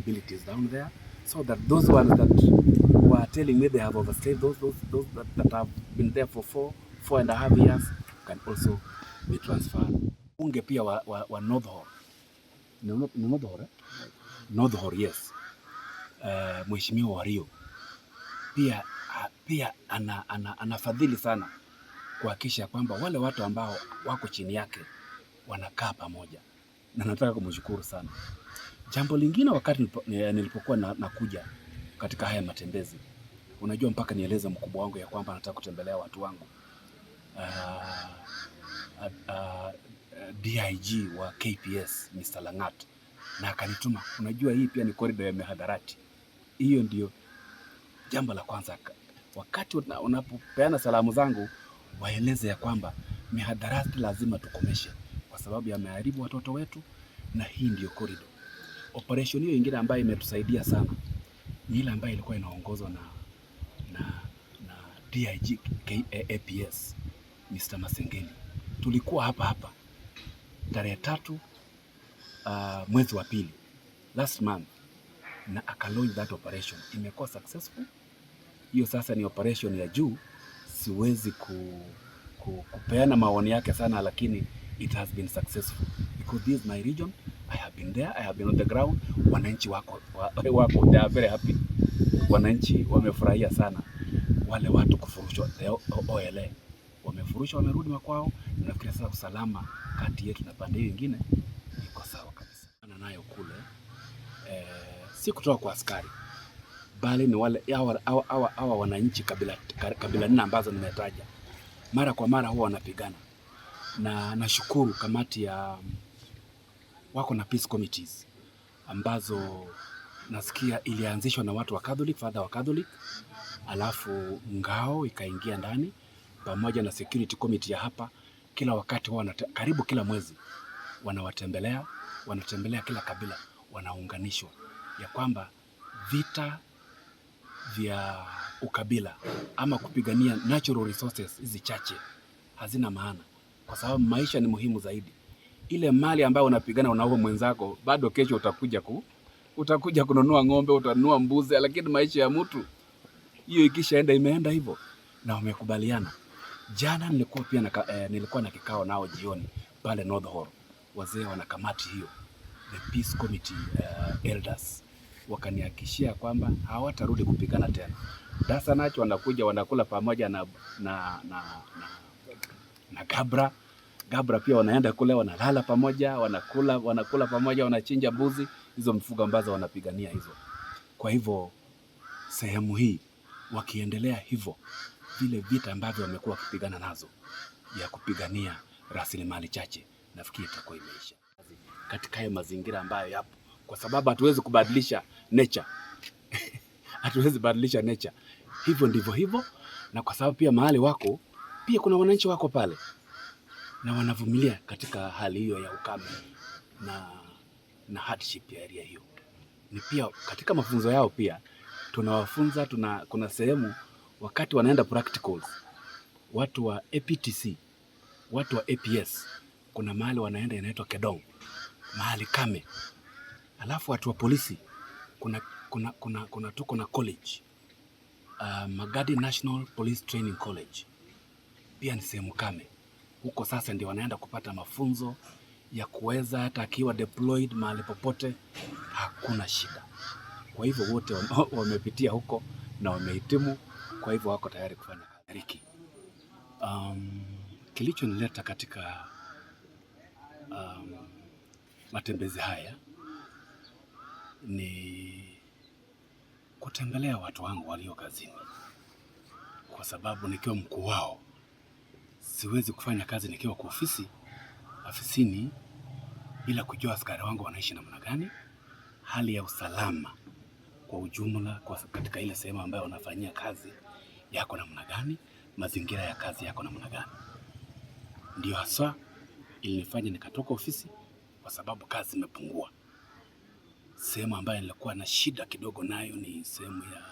abilities down there so that those ones that were telling me they have overstayed those, those, those that, that have been there for four, four and a half years can also be transferred. Unge pia wa, wa, wa North Hall. Ni North Hall, eh? North Hall, yes. Uh, Mheshimiwa Wario pia, ah, pia ana, ana, anafadhili sana kuhakikisha kwamba wale watu ambao wako chini yake wanakaa pamoja, na nataka kumshukuru sana. Jambo lingine, wakati eh, nilipokuwa na, nakuja katika haya matembezi, unajua mpaka nieleze mkubwa wangu ya kwamba nataka kutembelea watu wangu uh, ah, uh, ah, uh, ah, DIG wa KPS Mr. Langat na akanituma. Unajua hii pia ni korido ya mihadarati. Hiyo ndio jambo la kwanza, wakati unapopeana salamu zangu waeleze ya kwamba mihadarati lazima tukomeshe, kwa sababu yameharibu watoto wetu, na hii ndio korido Operation hiyo ingine ambayo imetusaidia sana ni ile ambayo ilikuwa inaongozwa na, na, na DIG KAPS Mr. Masengeli. Tulikuwa hapa hapa tarehe tatu uh, mwezi wa pili last month na akalaunch that operation, imekuwa successful. Hiyo sasa ni operation ya juu, siwezi ku, ku, kupeana maoni yake sana, lakini it has been successful because this is my region. I have been there, I have been on the ground. Wananchi wako, wako they are very happy. Wananchi wamefurahia sana wale watu kufurushwa OLA wamefurushwa, wamerudi makwao. Nafikiri sasa usalama kati yetu na pande hiyo nyingine iko sawa kabisa. Na nayo kule eh, si kutoka kwa askari bali ni wale hawa wananchi kabila kabila nne ambazo nimetaja, mara kwa mara huwa wanapigana, na nashukuru kamati ya wako na peace committees ambazo nasikia ilianzishwa na watu wa Catholic, father wa Catholic, alafu ngao ikaingia ndani pamoja na security committee ya hapa. Kila wakati wao karibu kila mwezi wanawatembelea, wanatembelea kila kabila, wanaunganishwa ya kwamba vita vya ukabila ama kupigania natural resources hizi chache hazina maana, kwa sababu maisha ni muhimu zaidi ile mali ambayo unapigana unaua mwenzako, bado kesho utakuja ku, utakuja kununua ng'ombe, utanunua mbuzi, lakini maisha ya mtu hiyo ikishaenda imeenda hivyo. Na wamekubaliana jana, nilikuwa pia na, eh, nilikuwa na kikao nao jioni pale North Hall, wazee wana kamati hiyo the Peace Committee uh, elders wakanihakishia kwamba hawatarudi kupigana tena. Dasa nacho wanakuja wanakula pamoja na, na, na, na, na Gabra Gabra pia wanaenda kule wanalala pamoja, wanakula wanakula pamoja, wanachinja mbuzi, hizo mfugo ambazo wanapigania hizo. Kwa hivyo sehemu hii wakiendelea hivyo, vile vita ambavyo wamekuwa wakipigana nazo ya kupigania rasilimali chache, nafikiri itakuwa imeisha katika hayo mazingira ambayo yapo, kwa sababu hatuwezi kubadilisha nature hatuwezi badilisha nature, hivyo ndivyo hivyo, na kwa sababu pia mahali wako pia kuna wananchi wako pale na wanavumilia katika hali hiyo ya ukame na, na hardship ya area hiyo. Ni pia katika mafunzo yao pia tunawafunza tuna, kuna sehemu wakati wanaenda practicals, watu wa APTC, watu wa APS, kuna mahali wanaenda inaitwa Kedong, mahali kame, alafu watu wa polisi kuna, kuna, kuna, kuna tuko na college uh, Magadi National Police Training College pia ni sehemu kame huko sasa ndio wanaenda kupata mafunzo ya kuweza hata akiwa deployed mahali popote hakuna shida. Kwa hivyo wote wamepitia huko na wamehitimu, kwa hivyo wako tayari kufanya kazi. Um, kilichonileta katika um, matembezi haya ni kutembelea watu wangu walio kazini, kwa sababu nikiwa mkuu wao siwezi kufanya kazi nikiwa kwa ofisi afisini bila kujua askari wangu wanaishi namna gani, hali ya usalama kwa ujumla kwa katika ile sehemu ambayo wanafanyia kazi yako namna gani, mazingira ya kazi yako namna gani. Ndio haswa ilinifanya nikatoka ofisi, kwa sababu kazi imepungua. Sehemu ambayo nilikuwa na shida kidogo nayo ni sehemu ya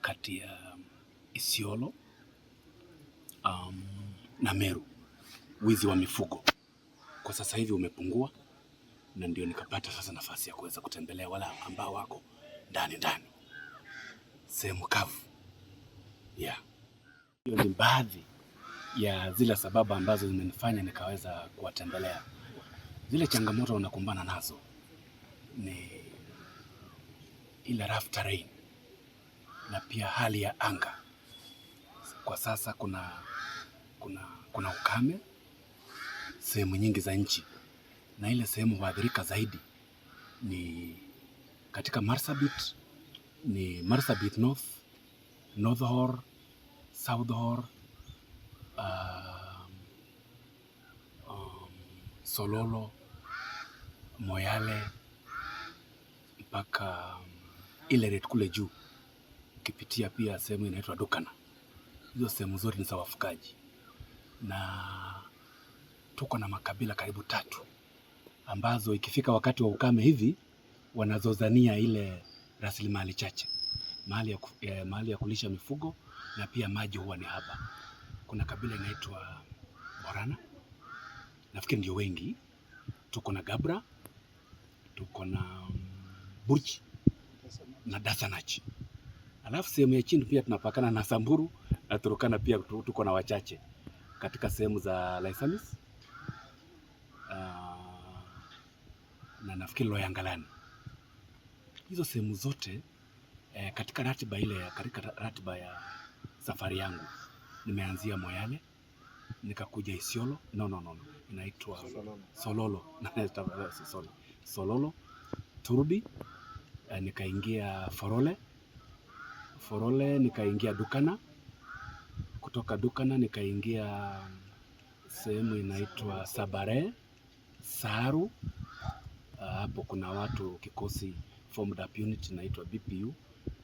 kati ya Isiolo um, na Meru, wizi wa mifugo kwa sasa hivi umepungua, na ndio nikapata sasa nafasi ya kuweza kutembelea wala ambao wako ndani ndani sehemu kavu yeah. Hiyo ni baadhi ya zile sababu ambazo zimenifanya nikaweza kuwatembelea. Zile changamoto unakumbana nazo ni ile rough terrain na pia hali ya anga. Kwa sasa kuna kuna, kuna ukame sehemu nyingi za nchi, na ile sehemu huadhirika zaidi ni katika Marsabit, ni Marsabit North, North Hor, South um, um, Sololo, Moyale mpaka um, Ileret kule juu, ukipitia pia sehemu inaitwa Dukana. Hizo sehemu zote ni za wafugaji na tuko na makabila karibu tatu ambazo ikifika wakati wa ukame hivi wanazozania ile rasilimali chache, mahali ya, eh, mahali ya kulisha mifugo na pia maji huwa ni haba. Kuna kabila inaitwa Borana, nafikiri ndio wengi. Tuko na Gabra, tuko na mm, Buchi na Dasanach, alafu sehemu ya chini pia tunapakana na Samburu na Turukana, pia tuko na wachache katika sehemu za Laisamis uh, na nafikiri Loyangalani. Hizo sehemu zote eh, katika ratiba ile, katika ratiba ya safari yangu nimeanzia Moyale nikakuja Isiolo, no, no, no, inaitwa Sololo, Sololo. Sololo Turbi eh, nikaingia Forole Forole nikaingia Dukana kutoka Dukana nikaingia sehemu inaitwa Sabare Saru. Hapo uh, kuna watu kikosi formed up unit inaitwa BPU,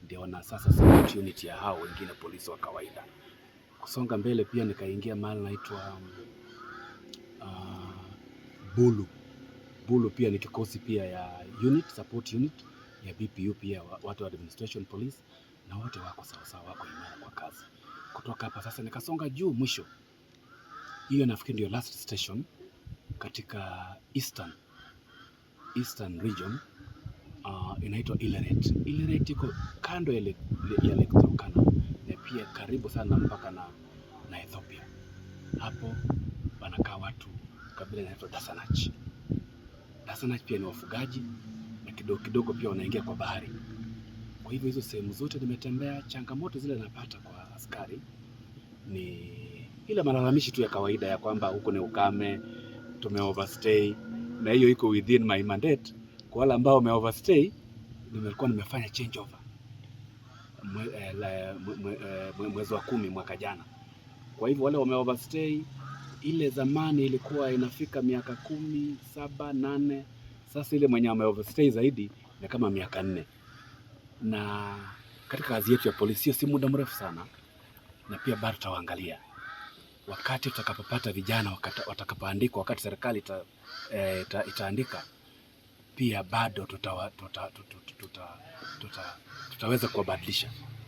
ndio wana sasa support unit ya hao wengine polisi wa kawaida. Kusonga mbele pia nikaingia mahali naitwa uh, Bulu Bulu, pia ni kikosi pia ya unit support unit ya BPU, pia watu wa administration police, na wote wako sawasawa, wako imara kwa kazi kutoka hapa sasa nikasonga juu mwisho. Hiyo nafikiri ndio last station katika Eastern, Eastern region uh, inaitwa Ileret. Ileret iko kando ya Lake Turkana na pia karibu sana mpaka na, na Ethiopia. Hapo wanakaa watu kabila inaitwa Dasanach. Dasanach pia ni wafugaji na kidogo kidogo pia wanaingia kwa bahari hivyo hizo sehemu zote nimetembea. Changamoto zile napata kwa askari ni ile malalamishi tu ya kawaida ya kwamba huko ni ukame, tume overstay, na hiyo iko within my mandate. Kwa wale ambao wame overstay, nimekuwa nimefanya change over eh, eh, mwezi wa kumi mwaka jana. Kwa hivyo wale wame overstay, ile zamani ilikuwa inafika miaka kumi saba nane, sasa ile mwenye ame overstay zaidi ni kama miaka nne na katika kazi yetu ya polisi sio si muda mrefu sana, na pia bado tutawaangalia wakati tutakapopata vijana watakapoandikwa, wakati serikali ita, e, ita, itaandika pia bado tutaweza tuta, tuta, tuta, tuta, tuta kuwabadilisha.